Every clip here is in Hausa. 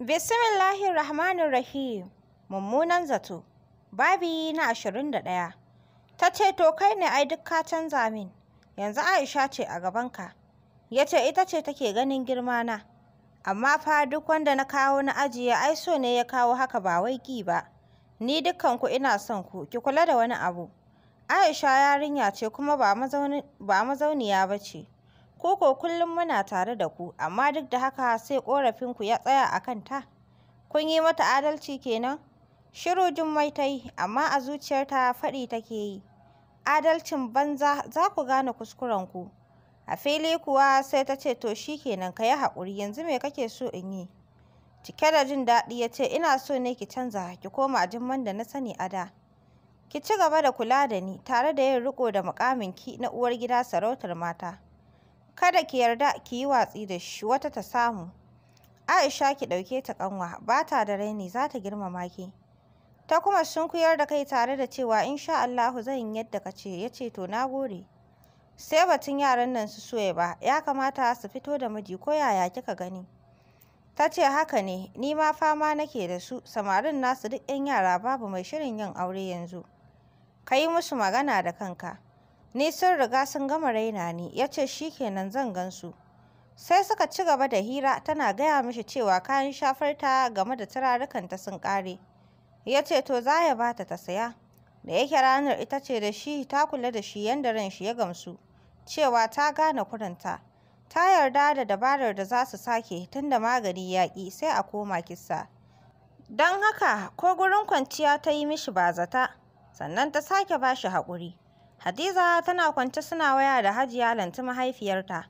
Bismillahirrahmanirrahim. Mummunan zato. Babi na ashirin da ɗaya. Ta ce to kai ne ai duk ka canza min. Yanzu Aisha ce a gabanka. Ya ce ita ce take ganin girmana. Amma fa duk wanda na kawo na ajiye ai so ne ya kawo haka ba wai ki ba. Ni dukkanku ina son ku, ki kula da wani abu. Aisha yarinya ce kuma ba mazauniya ba ce. Ko ko kullum muna tare da ku, amma duk da haka sai ƙorafinku ya tsaya a kanta. Kun yi mata adalci kenan? Shiru Jummai ta yi, amma a zuciyarta faɗi take yi. Adalcin banza za ku gane kuskurenku. A fili kuwa sai ta ce to shi kenan ka yi haƙuri yanzu me kake so in yi? Cike da jin daɗi ya ce ina so ne ki canza ki koma jimman da na sani a da. Ki ci gaba da kula da ni tare da yin riƙo da mukamin ki na uwar gida sarautar mata. kada ki yarda ki yi watsi da shi wata ta samu Aisha ki ɗauke ta ƙanwa ba ta da raini za ta girmama ki ta kuma sun koyar da kai tare da cewa insha Allahu zan yadda ka ce ya ce to na gode sai batun yaran nan su soya ba ya kamata su fito da miji ko yaya kika gani ta ce haka ne ni ma fama nake da su samarin nasu duk 'yan yara babu mai shirin yin aure yanzu ka yi musu magana da kanka Ni sun riga sun gama raina ne, ya ce shi kenan zan gansu. Sai suka ci gaba da hira tana gaya mishi cewa kayan shafarta game da turarukanta sun kare. Ya ce to za ya bata ta saya. Da yake ranar ita ce da shi ta kula da shi yadda ran shi ya gamsu, cewa ta gane kuranta. Ta yarda da dabarar da za su sake tunda magani ya ƙi sai a koma kisa. Don haka ko gurin kwanciya ta yi mishi bazata, sannan ta sake ba shi haƙuri. Hadiza tana kwance suna waya da Hajiya Lanti mahaifiyarta.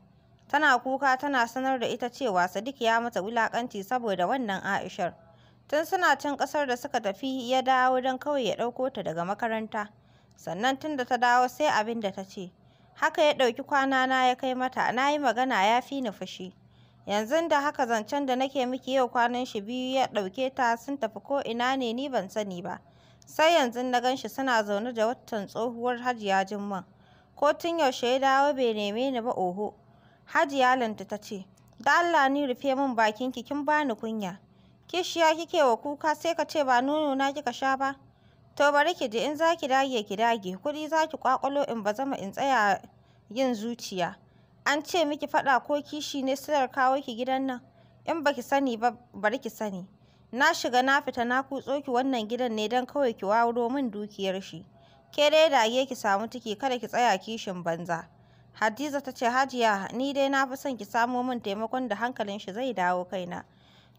Tana kuka tana sanar da ita cewa Sadiq ya mata wulakanci saboda wannan Aishar. Tun suna cin ƙasar da suka tafi ya dawo don kawai ya ɗauko ta daga makaranta. Sannan tun da ta dawo sai abin da ta ce. Haka ya ɗauki kwana na ya kai mata, na yi magana ya fi ni fushi. Yanzu da haka zancen da nake miki yau kwanan shi biyu ya ɗauke ta sun tafi ko ina ne ni ban sani ba. sai yanzu na gan shi suna zaune da watan tsohuwar Hajiya Jummai. Ko tun yaushe ya dawo bai neme ni ba oho. Hajiya Lanta ta ce, da Allah ni rufe min bakin ki, kin bani kunya. Kishiya kike wa kuka sai ka ce ba nono na kika sha ba. To bari ki ji in za ki dage ki dage, kuɗi za ki kwakwalo in ba zama in tsaya yin zuciya. An ce miki faɗa ko kishi ne silar kawo ki gidan nan, in baki sani ba bari ki sani. na shiga na fita na kutso ki wannan gidan ne don kawai ki wawuro min dukiyar shi ke dai dage ki samu tiki kada ki tsaya kishin banza hadiza ta ce hajiya ni dai na fi son ki samo min taimakon da hankalin shi zai dawo kaina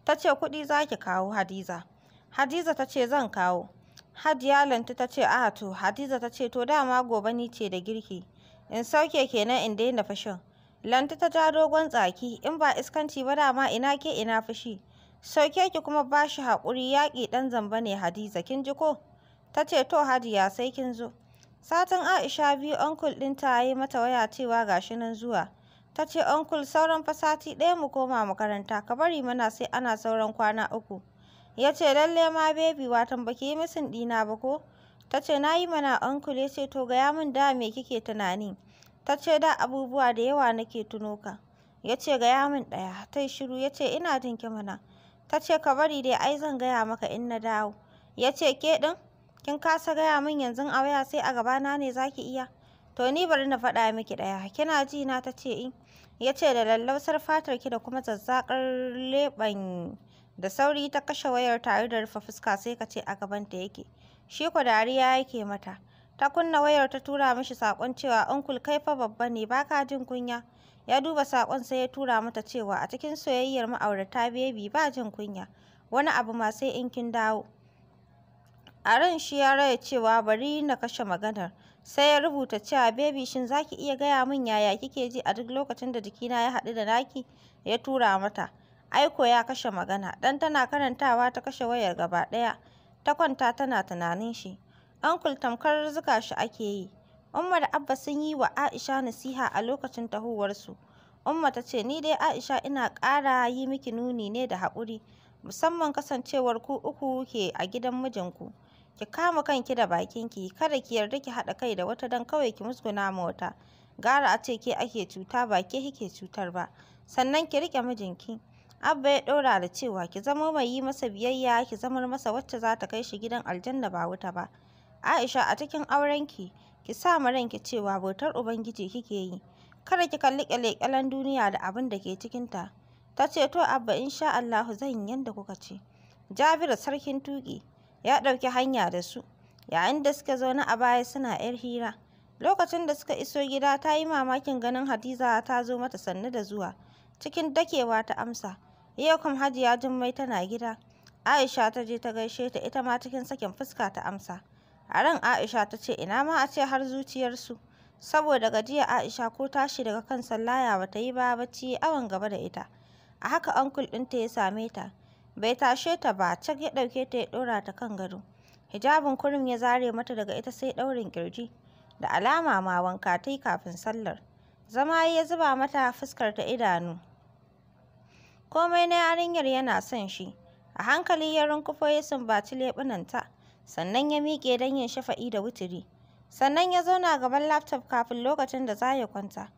ta ce kuɗi za ki kawo hadiza hadiza ta ce zan kawo hajiya lanti ta ce a to hadiza ta ce to dama gobe ni ce da girki in sauke kenan in daina fashin lanti ta ja dogon tsaki in ba iskanci ba dama ina ke ina fushi sauke ki kuma ba shi haƙuri yaƙi ɗan zamba ne hadiza kin ji ko ta ce to hadiya sai kin zo satin aisha biyu onkul ɗinta ta yi mata waya cewa gashi nan zuwa ta ce onkul sauran fasati ɗaya mu koma makaranta ka bari mana sai ana sauran kwana uku ya ce lalle ma bebi watan baki yi misin ɗina ba ko ta ce na yi mana onkul ya ce to gaya min da me kike tunani ta ce da abubuwa da yawa nake tuno ka ya ce gaya min ɗaya ta yi shiru ya ce ina jin ki mana ta ce ka bari dai ai zan gaya maka in na dawo ya ce ke ɗin kin kasa gaya min yanzu a waya sai a gabana ne zaki iya to ni bari na faɗa miki ɗaya kina ji na ta ce in eh. ya ce da lallausar fatar ki da kuma zazzakar leɓen da sauri ta kashe wayar tare da rufe fuska sai ka ce a gaban ta yake shi ko dariya yake mata ta kunna wayar ta tura mishi saƙon cewa uncle kai fa babba ne baka jin kunya ya duba saƙon sai ya tura mata cewa a cikin soyayyar ma'aurata bebi ba jin kunya wani abu ma sai in kin dawo a ran shi ya raya cewa bari na kashe maganar sai ya rubuta cewa bebi shin zaki iya gaya min yaya kike ji a duk lokacin da jikina ya haɗu da naki ya tura mata aiko ya kashe magana dan tana karantawa ta kashe wayar gaba ɗaya ta kwanta tana tunanin shi ankul tamkar zuka shi ake yi Umma da Abba sun yi wa Aisha nasiha a lokacin tahowarsu. Umma ta ce, Ni dai Aisha ina ƙara yi miki nuni ne da haƙuri, musamman kasancewar ku uku ke a gidan mijinku. Ki kama kanki da bakinki, kada ki yarda ki haɗa kai da wata don kawai ki musguna ma wata. Gara a ce ke ake cuta ba ke hike cutar ba. Sannan ki riƙe mijinki. Abba ya ɗora da cewa ki zama mai yi masa biyayya, ki zamar masa wacce za ta kai shi gidan aljanna ba wuta ba. Aisha a cikin aurenki, ki sa ma ranki cewa bautar ubangiji kike yi kada ki kalli kyale-kyalen duniya da abin da ke cikinta ta ce to abba insha Allahu zan yi yadda kuka ce Jabiru sarkin tuƙi ya ɗauki hanya da su yayin da suka zaune a baya suna ‘yar hira lokacin da suka iso gida ta yi mamakin ganin Hadiza ta zo mata sannu da zuwa cikin dakewa ta amsa yau kam Hajiya Jummai tana gida Aisha ta je ta gaishe ta ita ma cikin sakin fuska ta amsa A ran Aisha ta ce ina ma a ce har zuciyarsu. Saboda gajiya Aisha ko tashi daga kan sallaya ba ta yi ba bacci awon gaba da ita. A haka ankul ta ya same ta. Bai tashe ta ba, cak ya ɗauke ta ya ɗora ta kan gado. Hijabin kurum ya zare mata daga ita sai ɗaurin kirji Da alama ma wanka ta kafin sallar. Zama ya zuba mata fuskar ta idanu. Komai na yarinyar yana son shi. A hankali ya runkufo ya sumbaci leɓunanta. sannan ya miƙe don yin shafa'i da wuturi. Sannan ya zauna gaban laptop kafin lokacin da za ya kwanta.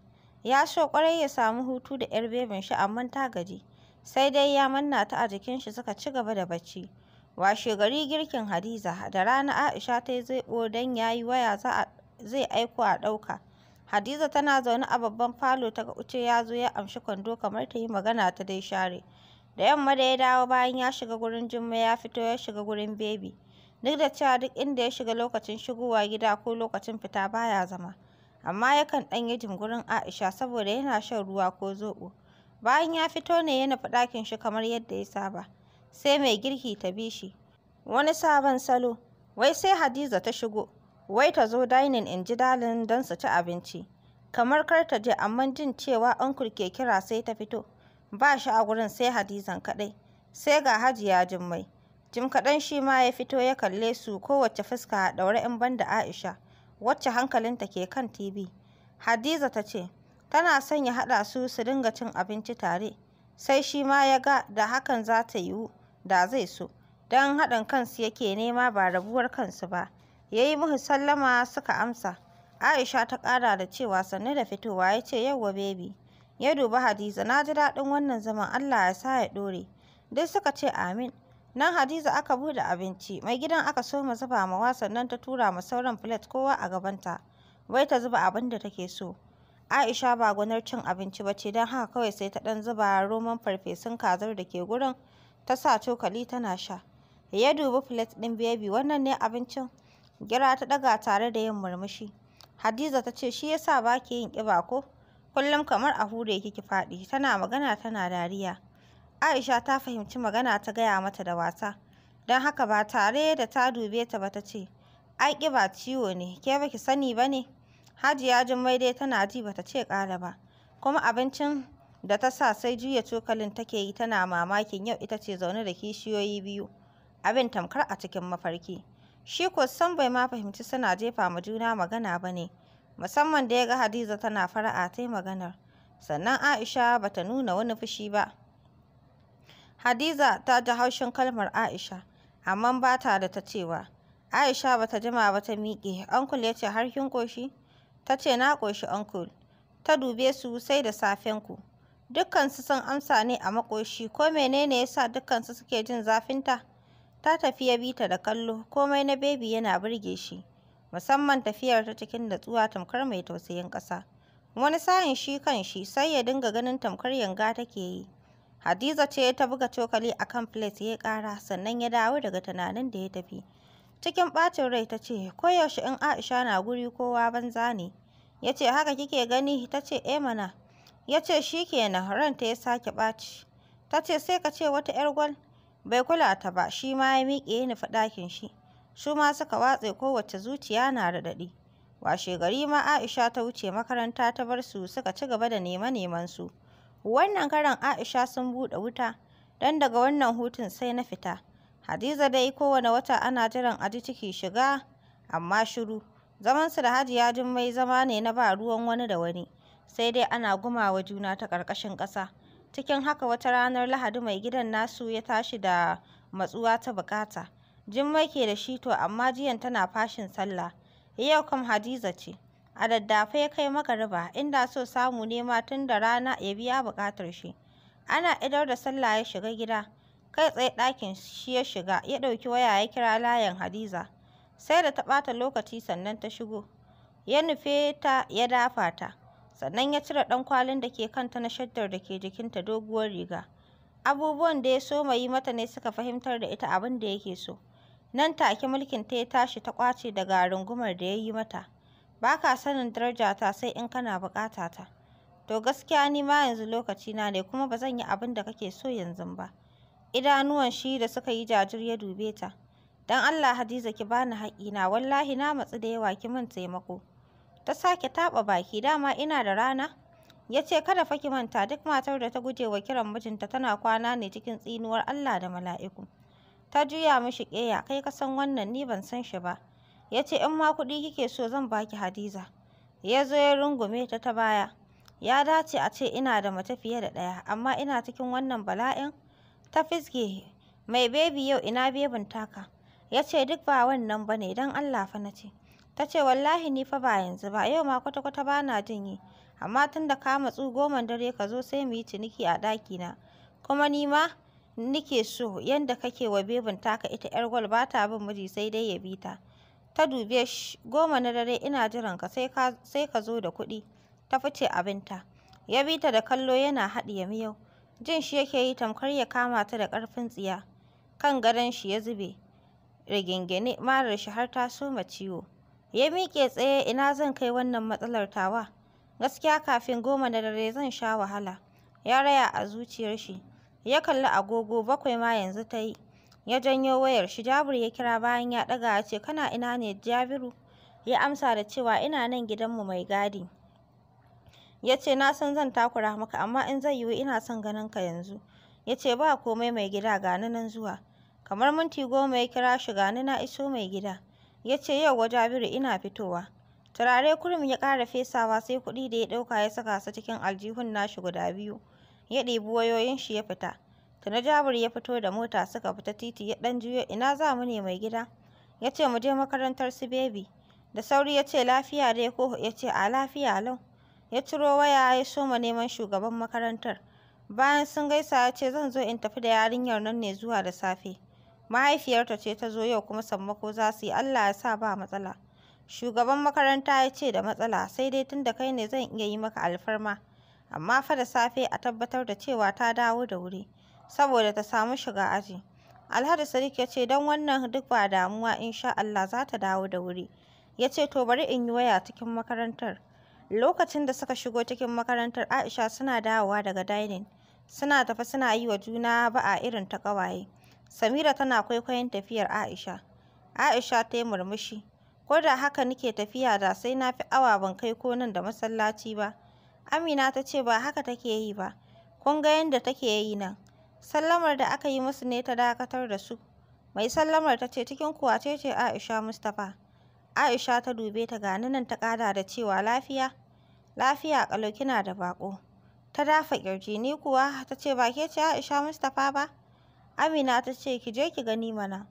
Ya so ƙwarai ya samu hutu da 'yar bebin shi amma ta gaji, sai dai ya manna ta a jikin shi suka ci gaba da bacci. Washegari girkin Hadiza, da rana Aisha ta yi zaɓo don ya yi waya zai aiko a ɗauka. Hadiza tana zaune a babban falo ta ga uce ya zo ya amshi kwando kamar ta yi magana ta dai share. Da yamma da ya dawo bayan ya shiga gurin Jummai ya fito ya shiga gurin Bebi. duk da cewa duk inda ya shiga lokacin shigowa gida ko lokacin fita baya zama amma yakan ɗan yi gurin Aisha saboda yana shan ruwa ko zoɓo bayan ya fito ne ya nufi ɗakin shi kamar yadda ya saba sai mai girki ta bi shi wani sabon salo wai sai Hadiza ta shigo wai ta zo dining in ji dalin don su ci abinci kamar kar ta je amma jin cewa uncle ke kira sai ta fito ba shi a gurin sai Hadizan kaɗai sai ga Hajiya Jummai jim kaɗan shi ma ya fito ya kalle su kowace fuska a ɗaure in banda aisha wacce hankalinta ke kan tv hadiza ta ce tana son ya haɗa su su dinga cin abinci tare sai shi ma ya ga da hakan za ta yiwu da zai so don haɗin kansu yake nema ba rabuwar kansu ba ya yi muhu sallama suka amsa aisha ta ƙara da cewa sannu da fitowa ya ce yauwa bebi ya duba hadiza na ji daɗin wannan zaman allah ya sa ya ɗore duk suka ce amin Nan Hadiza aka bude abinci, mai gidan aka so mu zuba mawa sannan ta tura ma sauran plate kowa a gabanta, wai ta zuba abin da take so. Aisha ba gwanar cin abinci ba ce don haka kawai sai ta ɗan zuba roman farfesun kazar da ke gurin ta sa cokali tana sha. Ya dubi plate ɗin bebi wannan ne abincin? Gira ta ɗaga tare da yin murmushi. Hadiza ta ce shi yasa ba ki yin ƙiba ko? Kullum kamar a hure kiki faɗi, tana magana tana dariya. Aisha ta fahimci magana ta gaya mata da wasa, don haka ba tare da ta dube ta ba ta ce, ai ba ciwo ne, ke ba ki sani ba ne? Hajiya Jummai dai tana ji ba ta ce ƙara ba, kuma abincin da ta sa sai juya cokalin take yi tana mamakin yau ita ce zaune da kishiyoyi biyu, abin tamkar a cikin mafarki. Shi ko san bai ma fahimci suna jefa ma juna magana ba ne, musamman da ya ga Hadiza tana fara'a ta yi maganar, sannan Aisha ba ta nuna wani fushi ba. Hadiza ta ji haushin kalmar Aisha, amma ba ta da ta cewa. Aisha ba ta jima ba ta miƙe, Uncle ya ce har kin ƙoshi? Ta ce na ƙoshi Uncle. Ta dube su sai da safen ku. Dukkansu sun amsa ne a maƙoshi, ko menene ya sa dukkansu suke jin zafinta? Ta tafi ya bi da kallo, komai na bebi yana birge shi, musamman tafiyar ta cikin natsuwa tamkar mai tausayin ƙasa. Wani sa'in shi kan shi sai ya dinga ganin tamkar yanga take yi. Hadiza ce ta buga cokali a kan plate ya kara, sannan ya dawo daga tunanin da ya tafi. Cikin ɓacin rai ta ce, koyaushe in Aisha na guri kowa banza ne. Ya ce, haka kike gani? Ta ce, e mana. Ya ce, shi kenan, ranta ya sake ɓaci. Ta ce, sai ka ce wata 'yar gwal. Bai kula ta ba, shi ma ya miƙe ya nufi ɗakin shi. Su ma suka watse kowace zuciya na da raɗaɗi. Washe gari ma Aisha ta wuce makaranta ta bar su suka ci gaba da neman neman su. Wannan karan Aisha sun buɗe wuta, don daga wannan hutun sai na fita. Hadiza dai kowane wata ana jiran aji ciki shiga, amma shiru. Zamansu da Hajiya Jummai zama ne na ba ruwan wani da wani, sai dai ana gumawa juna ta ƙarƙashin ƙasa. Cikin haka wata ranar Lahadi mai gidan nasu ya tashi da matsuwa ta buƙata. Jummai ke da shi to amma jiyan tana fashin sallah. Yau kam Hadiza ce. a daddafe ya kai magariba inda so samu ne ma tun da rana ya biya buƙatar shi ana idar da sallah ya shiga gida kai tsaye ɗakin shi ya shiga ya ɗauki waya ya kira layin hadiza sai da ta ɓata lokaci sannan ta shigo ya nufe ta ya dafa ta sannan ya cire ɗan kwalin da ke kanta na shaddar da ke jikinta doguwar riga abubuwan da ya so yi mata ne suka fahimtar da ita abin da yake so nan take mulkin ta ya tashi ta ƙwace daga rungumar da ya yi mata ba ka sanin ta sai in kana buƙata ta. To gaskiya ni ma yanzu lokaci na ne kuma ba zan yi abin da kake so yanzu ba. Idanuwan shi da suka yi jajir ya dube ta. dan Allah Hadiza ki bani na, wallahi na matsi da yawa ki min taimako. Ta sake taɓa baki dama ina da rana. Ya ce kada fa ki manta duk matar da ta guje wa kiran mijinta tana kwana ne cikin tsinuwar Allah da mala'iku. Ta juya mishi ƙeya kai ka san wannan ni ban san shi ba. ya ce in ma kuɗi kike so zan baki hadiza ya zo ya rungume ta ta baya ya dace a ce ina da mace fiye da ɗaya amma ina cikin wannan bala'in ta fisge. mai bebi yau ina bebin taka ya ce duk ba wannan ba ne don allah fa na ce ta ce wallahi ni fa ba yanzu ba yau ma kwata-kwata ba na jin yi amma tun da kama tsu goman dare ka zo sai mu yi ciniki a ɗaki na kuma ni ma nike so yadda kake wa bebin taka ita 'yar gwal ba ta bin miji sai dai ya bi ta ta dube shi goma na dare ina jiran ka sai ka zo da kuɗi ta fice abinta ya bi ta da kallo yana haɗiye miyau jin shi yake yi tamkar ya kama ta da ƙarfin tsiya kan gadon shi ya zube rigingine marar shi har ta soma ciwo ya miƙe tsaye ina zan kai wannan matsalar tawa gaskiya kafin goma na dare zan sha wahala ya raya a zuciyar shi ya kalli agogo bakwai ma yanzu ta yi Ya janyo wayar shi Jabiru ya kira bayan ya ɗaga ya ce kana ina ne Jabiru? Ya amsa da cewa ina nan gidanmu mai gadi. Ya ce na san zan takura maka amma in zai yiwu ina son ganin ka yanzu. Ya ce ba komai mai gida gani nan zuwa. Kamar minti goma ya kira shi gani na iso mai gida. Ya ce yauwa Jabiru ina fitowa. Turare kurmi ya ƙara fesawa sai kuɗi da ya ɗauka ya saka su cikin aljihun nashi guda biyu. Ya ɗebi wayoyin shi ya fita. Tuni Jabir ya fito da mota suka fita titi ya ɗan juyo ina za mu ne mai gida? Ya ce mu je makarantar su bebi. Da sauri ya ce lafiya dai ko ya ce a lafiya lau. Ya ciro waya ya ma neman shugaban makarantar. Bayan sun gaisa ya ce zan zo in tafi da yarinyar nan ne zuwa da safe. Mahaifiyarta ce ta zo yau kuma sammako za su yi Allah ya sa ba matsala. Shugaban makaranta ya ce da matsala sai dai tun da kai ne zan iya yi maka alfarma. Amma fa da safe a tabbatar da cewa ta dawo da wuri. saboda ta samu shiga aji. Alhaji Sadiq ya ce don wannan duk ba damuwa insha Allah za ta dawo da wuri. Ya ce to bari in yi waya cikin makarantar. Lokacin da suka shigo cikin makarantar Aisha suna dawowa daga dining. Suna tafi suna yi wa juna ba'a irin ta kawaye Samira tana kwaikwayon tafiyar Aisha. Aisha ta yi murmushi. Ko da haka nike tafiya da sai na fi awa ban kai ko nan da masallaci ba. Amina ta ce ba haka take yi ba. Kun ga yadda take yi nan. sallamar da aka yi musu ne ta dakatar da su mai sallamar ta ce cikin kuwa ce ce aisha mustapha aisha ta dube ta gani nan ta kada da cewa lafiya lafiya kalau kina da bako. ta dafa ƙirji ni kuwa ta ce ba ke ce aisha mustapha ba amina ta ce ki je ki gani mana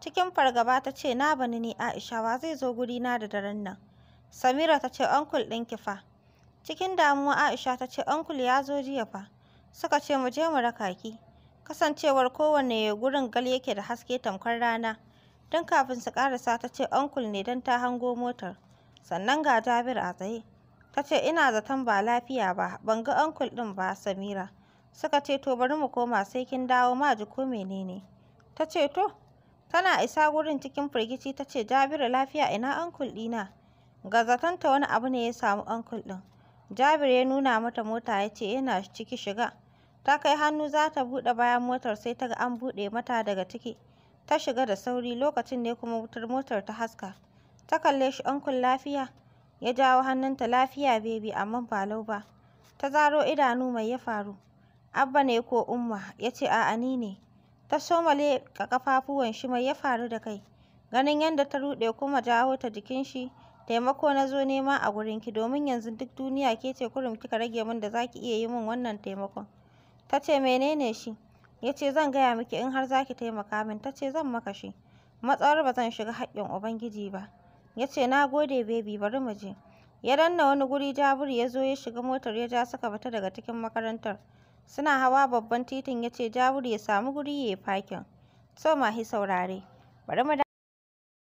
cikin fargaba ta ce na bani ni aisha wa zai zo guri na da daren nan samira ta ce onkul ki fa cikin damuwa aisha ta ce onkul ya zo jiya fa suka ce mu je mu raka ki kasancewar kowane gurin gal yake da haske tamkar rana don kafin su ƙarasa ta ce uncle ne don ta hango motar sannan ga jabir a tsaye ta ce ina zaton ba lafiya ba ban ga uncle ɗin ba samira suka ce to bari mu koma sai kin dawo ma ji ko menene ta ce to tana isa gurin cikin firgici ta ce jabiru lafiya ina uncle dina? ga zaton ta wani abu ne ya samu uncle din. jabir ya nuna mata mota ya ce yana ciki shiga Ta kai hannu za ta buɗe bayan motar sai ta ga an buɗe mata daga ciki. Ta shiga da sauri lokacin ne kuma wutar motar ta haska. Ta kalle shi ankun lafiya. Ya jawo hannunta lafiya bebi amma ba lau ba. Ta zaro idanu mai ya faru. Abba ne ko Umma ya ce a'a ni ne. Ta somale ka kafafuwan shi mai ya faru da kai. Ganin yadda ta ruɗe kuma jawo ta jikin shi. taimako na zo nema a gurinki domin yanzu duk duniya ke ce kurum kika rage min da za ki iya yi min wannan taimakon Ta ce menene shi? Ya ce zan gaya miki in har za ki taimaka min. Ta ce zan maka shi. Matsawar ba zan shiga haƙƙin Ubangiji ba. Ya ce na gode baby bari mu je. Ya danna wani guri Jabiru ya zo ya shiga motar ya ja suka fita daga cikin makarantar. Suna hawa babban titin ya ce Jabiru ya samu guri ya yi fakin. So hi saurare. Bari mu